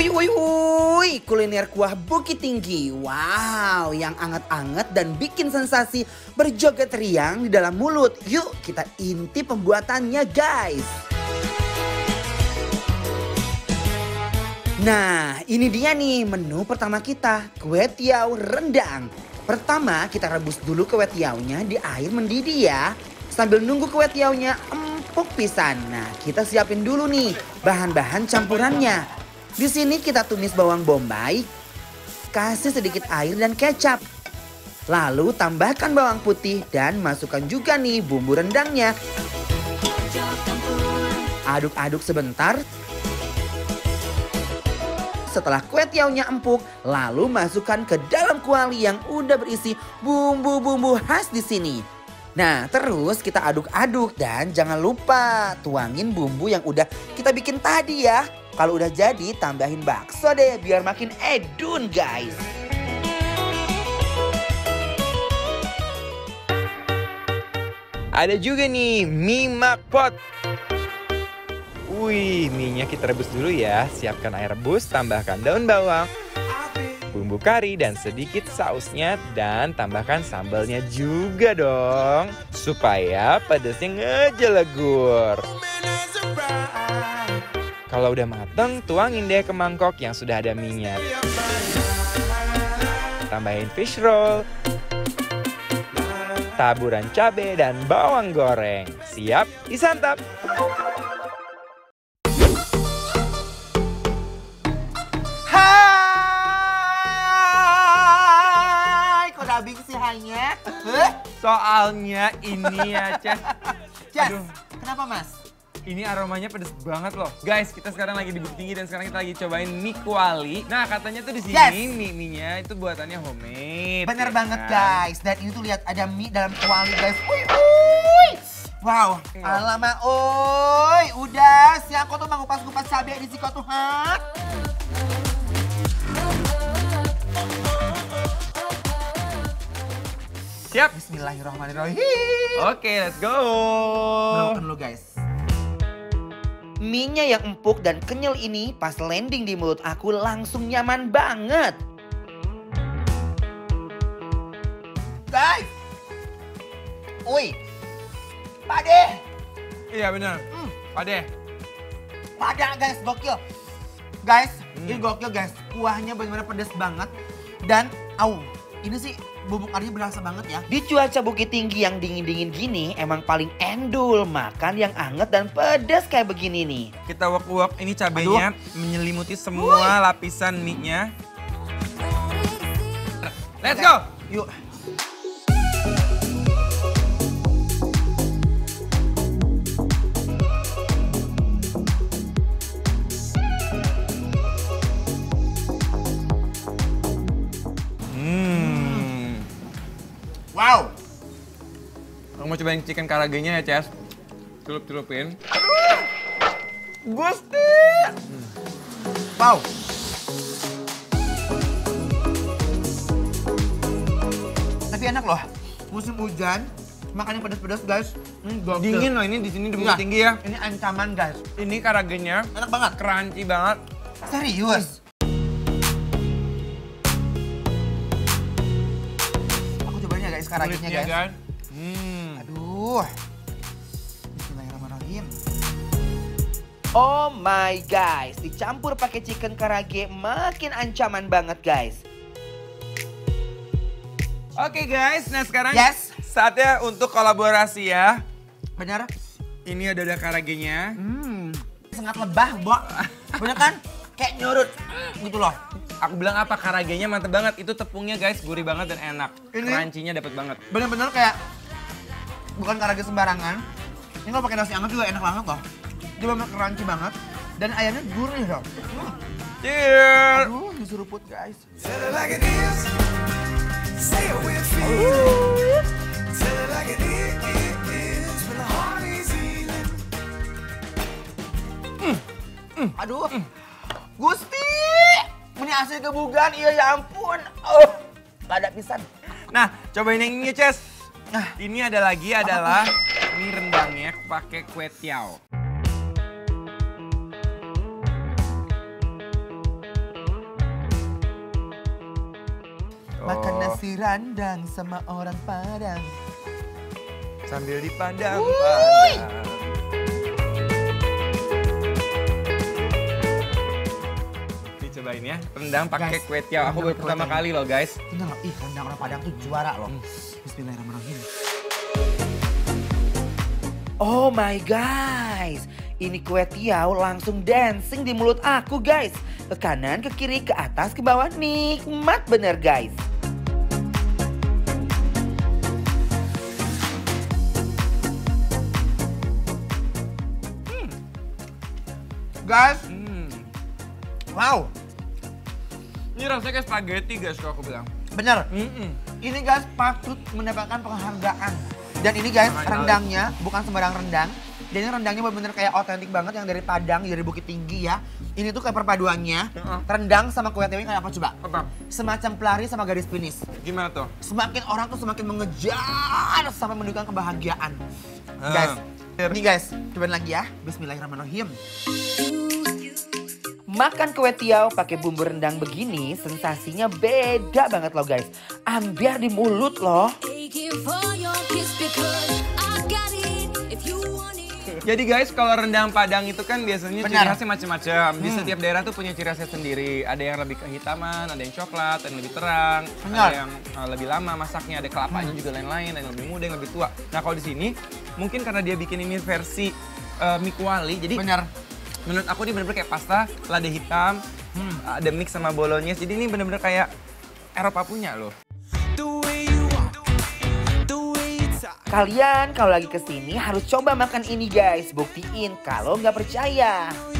Uy uy uy, kuliner kuah Bukit Tinggi. Wow, yang anget-anget dan bikin sensasi berjoget riang di dalam mulut. Yuk kita inti pembuatannya guys. Nah, ini dia nih menu pertama kita, kue tiaw rendang. Pertama, kita rebus dulu kue tiaunya di air mendidih ya. Sambil nunggu kue tiaunya empuk pisan. Nah, kita siapin dulu nih bahan-bahan campurannya. Di sini kita tumis bawang bombay, kasih sedikit air dan kecap. Lalu tambahkan bawang putih dan masukkan juga nih bumbu rendangnya. Aduk-aduk sebentar. Setelah kue tiaunya empuk, lalu masukkan ke dalam kuali yang udah berisi bumbu-bumbu khas di sini. Nah, terus kita aduk-aduk dan jangan lupa tuangin bumbu yang udah kita bikin tadi ya. Kalau udah jadi, tambahin bakso deh biar makin edun guys. Ada juga nih mie makpot. Wih, minyak kita rebus dulu ya. Siapkan air rebus, tambahkan daun bawang, bumbu kari dan sedikit sausnya dan tambahkan sambalnya juga dong supaya pedasnya ngejelegur. Kalau udah mateng, tuangin deh ke mangkok yang sudah ada minyak. Tambahin fish roll, taburan cabai dan bawang goreng. Siap disantap. Hai, kok sih hanya? Soalnya ini ya, Cez. Cez, kenapa mas? Ini aromanya pedes banget loh. Guys, kita sekarang lagi di Bukit Tinggi dan sekarang kita lagi cobain mie kuali. Nah, katanya tuh di sini yes. mie mie itu buatannya homemade. Bener ya banget kan? guys. Dan ini tuh lihat ada mie dalam kuali guys. Wui, wui. Wow, oh. alamak oi, udah si aku tuh mau kupas kupas cabai di siko tuh, ha? Siap. Bismillahirrahmanirrahim. Oke, okay, let's go. Makan perlu guys. Minya yang empuk dan kenyal ini pas landing di mulut aku langsung nyaman banget. Guys. ui, Pade. Iya benar. Mm. Pade. Pade guys, gokil. Guys, mm. ini hmm. gokil guys. Kuahnya benar-benar pedes banget dan au, ini sih bubuk arinya berasa banget ya. Di cuaca bukit tinggi yang dingin-dingin gini, emang paling endul makan yang anget dan pedas kayak begini nih. Kita wok-wok, ini cabenya Aduh. menyelimuti semua Wui. lapisan mie-nya. Let's go! Yuk. Wow. Aku mau cobain chicken karagenya ya, Ces. Celup-celupin. Gusti! Hmm. Wow. Tapi enak loh. Musim hujan, makan yang pedas-pedas guys. Hmm, Dingin loh ini di sini demi nah, tinggi ya. Ini ancaman guys. Ini karagenya enak banget, crunchy banget. Serius? karaginya guys. Kan? Hmm. Aduh. Bismillahirrahmanirrahim. Oh my guys, dicampur pakai chicken karage makin ancaman banget guys. Oke okay guys, nah sekarang yes. saatnya untuk kolaborasi ya. Benar. Ini ada karagenya. Hmm. Sangat lebah, Bo. punya kan? Kayak nyurut gitu loh aku bilang apa karagenya mantep banget itu tepungnya guys gurih banget dan enak ini crunchy-nya dapet banget bener-bener kayak bukan karage sembarangan ini kalau pakai nasi hangat juga enak banget kok. dia bener crunchy banget dan ayamnya gurih dong. Hmm. cheers aduh diseruput guys Aduh. Gusti ini hasil kebugan, iya ya ampun. Oh, pada pisan. Nah, coba ini ini, Ces. Nah, ini ada lagi adalah ini rendangnya pakai kue tiao. Makan oh. nasi randang sama orang Padang. Sambil dipandang. Wuih. lainnya rendang pakai kue tiaw. Aku baru pertama kali loh guys. Bener loh, ih rendang orang Padang tuh juara loh. Hmm. Bismillahirrahmanirrahim. Oh my guys, ini kue tiaw langsung dancing di mulut aku guys. Ke kanan, ke kiri, ke atas, ke bawah, nikmat bener guys. guys. hmm. Wow, ini rasanya kayak spaghetti guys kalau aku bilang. Bener. Mm -mm. Ini guys patut mendapatkan penghargaan. Dan ini guys rendangnya bukan sembarang rendang. Dan ini rendangnya benar-benar kayak otentik banget yang dari Padang, dari Bukit Tinggi ya. Ini tuh kayak perpaduannya rendang sama kue tiwing kayak apa coba? Apa? Semacam pelari sama garis finish. Gimana tuh? Semakin orang tuh semakin mengejar sampai menunjukkan kebahagiaan. Uh. Guys, ini guys, cobain lagi ya. Bismillahirrahmanirrahim. Makan kue tiaw pakai bumbu rendang begini sensasinya beda banget loh guys. Ambiar di mulut loh. Jadi guys, kalau rendang Padang itu kan biasanya Benar. ciri khasnya macam-macam. Di hmm. setiap daerah tuh punya ciri khasnya sendiri. Ada yang lebih kehitaman, ada yang coklat, ada yang lebih terang, Benar. ada yang eh, lebih lama masaknya, ada kelapanya hmm. juga lain-lain, ada yang lebih muda, yang lebih tua. Nah, kalau di sini mungkin karena dia bikin ini versi uh, mie kuali, jadi Benar menurut aku ini bener-bener kayak pasta lada hitam hmm. ada mix sama bolognese jadi ini bener-bener kayak Eropa punya loh Kalian kalau lagi kesini harus coba makan ini guys, buktiin kalau nggak percaya.